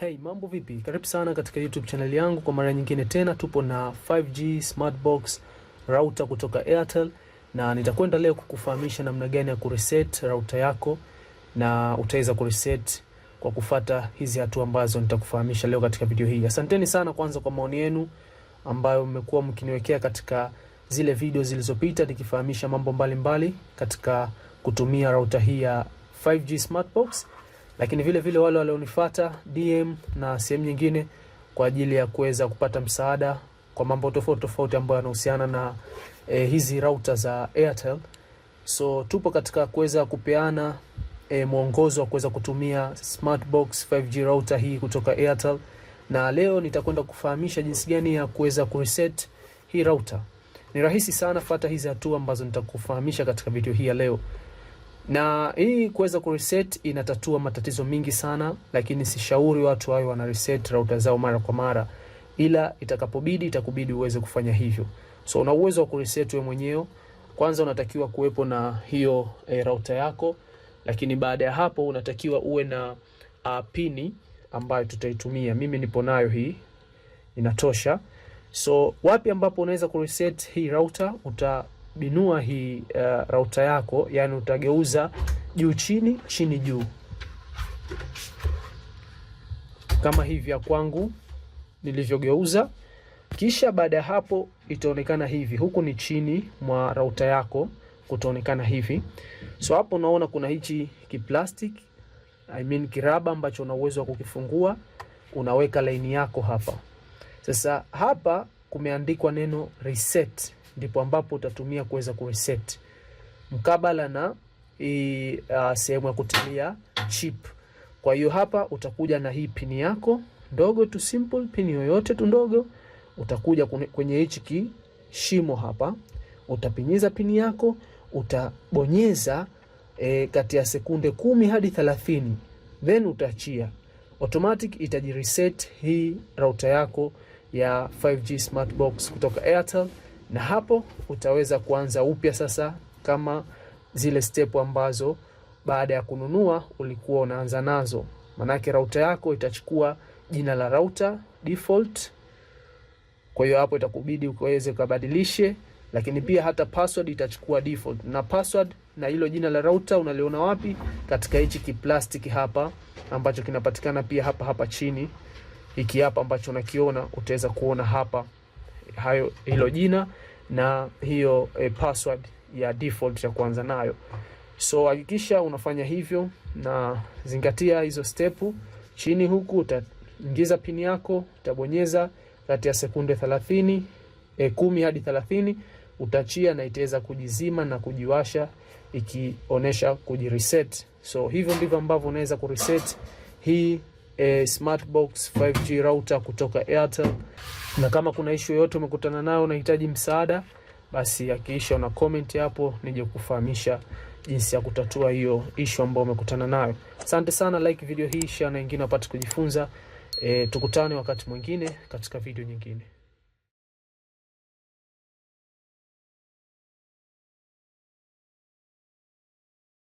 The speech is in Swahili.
Hey, mambo vipi? Karibu sana katika YouTube channel yangu kwa mara nyingine tena. Tupo na 5G Smartbox router kutoka Airtel na nitakwenda leo kukufahamisha namna gani ya kureset router yako na utaweza kureset kwa kufata hizi hatua ambazo nitakufahamisha leo katika video hii. Asanteni sana kwanza kwa maoni yenu ambayo mmekuwa mkiniwekea katika zile video zilizopita nikifahamisha mambo mbalimbali mbali katika kutumia router hii ya 5G Smartbox lakini vile vile wale walionifuata DM na sehemu nyingine kwa ajili ya kuweza kupata msaada kwa mambo tofauti tofauti ambayo yanahusiana na e, hizi router za Airtel. So tupo katika kuweza kupeana e, mwongozo wa kuweza kutumia Smartbox 5G router hii kutoka Airtel, na leo nitakwenda kufahamisha jinsi gani ya kuweza kureset hii router. Ni rahisi sana, fata hizi hatua ambazo nitakufahamisha katika video hii ya leo na hii kuweza kureset inatatua matatizo mingi sana, lakini sishauri watu wawe wana reset router zao mara kwa mara, ila itakapobidi itakubidi uweze kufanya hivyo. So una uwezo wa kureset wewe mwenyewe. Kwanza unatakiwa kuwepo na hiyo e, router yako, lakini baada ya hapo unatakiwa uwe na a, ah, pini ambayo tutaitumia. Mimi nipo nayo hii, inatosha. So wapi ambapo unaweza kureset hii router uta binua hii uh, eh, rauta yako, yani utageuza juu chini, chini juu, kama hivi ya kwangu nilivyogeuza. Kisha baada ya hapo itaonekana hivi, huku ni chini mwa rauta yako kutaonekana hivi. So hapo unaona kuna hichi kiplastic, I mean kiraba ambacho una uwezo wa kukifungua, unaweka laini yako hapa. Sasa hapa kumeandikwa neno reset ndipo ambapo utatumia kuweza kureset mkabala na hii uh, sehemu ya kutilia chip. Kwa hiyo hapa utakuja na hii pini yako ndogo tu simple, pini yoyote tu ndogo, utakuja kwenye hichi kishimo hapa, utapinyiza pini yako, utabonyeza e, kati ya sekunde kumi hadi thelathini then utaachia automatic, itajireset hii router yako ya 5G smart box kutoka Airtel na hapo utaweza kuanza upya sasa, kama zile step ambazo baada ya kununua ulikuwa unaanza nazo. Manake rauta yako itachukua jina la rauta default, kwa hiyo hapo itakubidi uweze kubadilishe, lakini pia hata password itachukua default na password na hilo jina la rauta unaliona wapi? Katika hichi kiplastiki hapa ambacho kinapatikana pia hapa hapa chini, hiki hapa ambacho unakiona, utaweza kuona hapa hayo hilo jina na hiyo e, password ya default ya kuanza nayo. So hakikisha unafanya hivyo na zingatia hizo step. Chini huku utaingiza pini yako, utabonyeza kati ya sekunde 30 e, eh, kumi hadi 30 utachia na itaweza kujizima na kujiwasha ikionesha kujireset. So hivyo ndivyo ambavyo unaweza kureset hii e, eh, Smartbox 5G router kutoka Airtel na kama kuna ishu yoyote umekutana nayo unahitaji msaada, basi hakikisha una comment hapo nije kufahamisha jinsi ya kutatua hiyo ishu ambayo umekutana nayo. Asante sana, like video hii, share na wengine wapate kujifunza. E, tukutane wakati mwingine katika video nyingine.